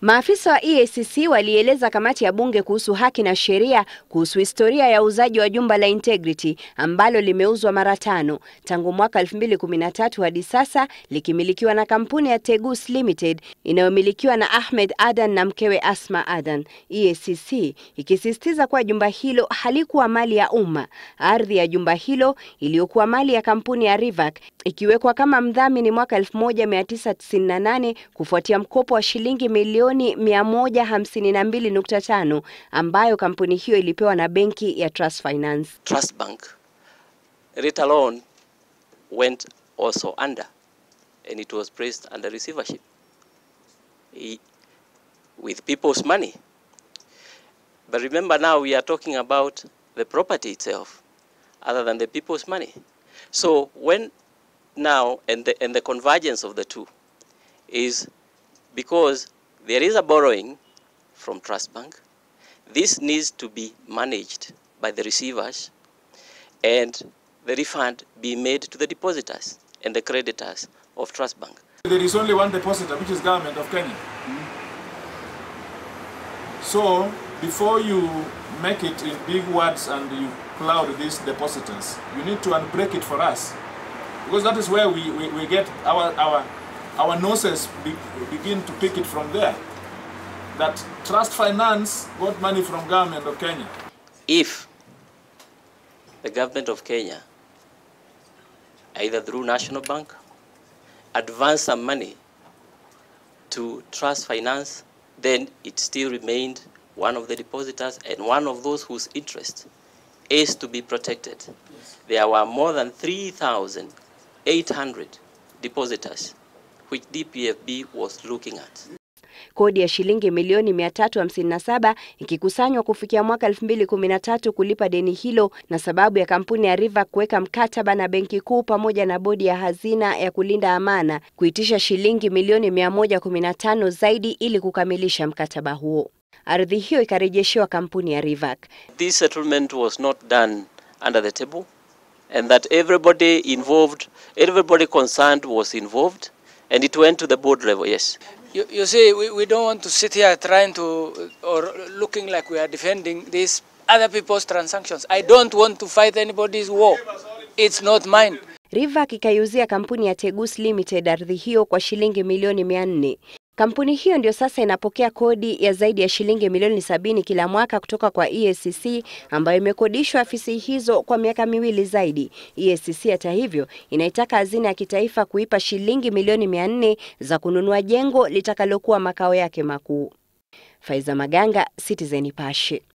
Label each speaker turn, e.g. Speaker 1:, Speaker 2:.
Speaker 1: Maafisa wa EACC walieleza kamati ya bunge kuhusu haki na sheria kuhusu historia ya uuzaji wa jumba la Integrity ambalo limeuzwa mara tano tangu mwaka 2013 hadi sasa likimilikiwa na kampuni ya Tegus Limited inayomilikiwa na Ahmed Adan na mkewe Asma Adan. EACC ikisisitiza kuwa jumba hilo halikuwa mali ya umma. Ardhi ya jumba hilo iliyokuwa mali ya kampuni ya Rivac ikiwekwa kama mdhamini mwaka 1998 kufuatia mkopo wa shilingi milioni milioni 152.5 ambayo kampuni hiyo ilipewa na benki ya Trust Finance.
Speaker 2: Trust Bank Rita Loan went also under and it was placed under receivership with people's money. But remember now we are talking about the property itself other than the people's money. So when now and the, and the convergence of the two is because there is a borrowing from Trust Bank. This needs to be managed by the receivers and the refund be made to the depositors and the creditors of Trust Bank.
Speaker 3: There is only one depositor, which is government of Kenya. Mm. So before you make it in big words and you cloud these depositors, you need to unbreak it for us. Because that is where we, we, we get our, our our noses be, begin to pick it from there. That Trust Finance got money from government of Kenya.
Speaker 2: If the government of Kenya, either through National Bank, advance some money to Trust Finance, then it still remained one of the depositors and one of those whose interest is to be protected. Yes. There were more than 3,800 depositors which DPFB was looking at.
Speaker 1: Kodi ya shilingi milioni 357 ikikusanywa kufikia mwaka 2013 kulipa deni hilo, na sababu ya kampuni ya River kuweka mkataba na Benki Kuu pamoja na bodi ya hazina ya kulinda amana kuitisha shilingi milioni 115 zaidi ili kukamilisha mkataba huo. Ardhi hiyo ikarejeshewa kampuni ya Rivac.
Speaker 2: This settlement was not done under the table and that everybody involved, everybody concerned was involved and it went to the board level, yes.
Speaker 4: You, you see, we, we don't want to sit here trying to, or looking like we are defending these other people's transactions. I don't want to fight anybody's war. It's not mine.
Speaker 1: Riva akikaiuzia kampuni ya Tegus Limited ardhi hiyo kwa shilingi milioni mia nne Kampuni hiyo ndio sasa inapokea kodi ya zaidi ya shilingi milioni sabini kila mwaka kutoka kwa EACC ambayo imekodishwa afisi hizo kwa miaka miwili zaidi. EACC hata hivyo inaitaka hazina ya kitaifa kuipa shilingi milioni mia nne za kununua jengo litakalokuwa makao yake makuu. Faiza Maganga, Citizen Nipashe.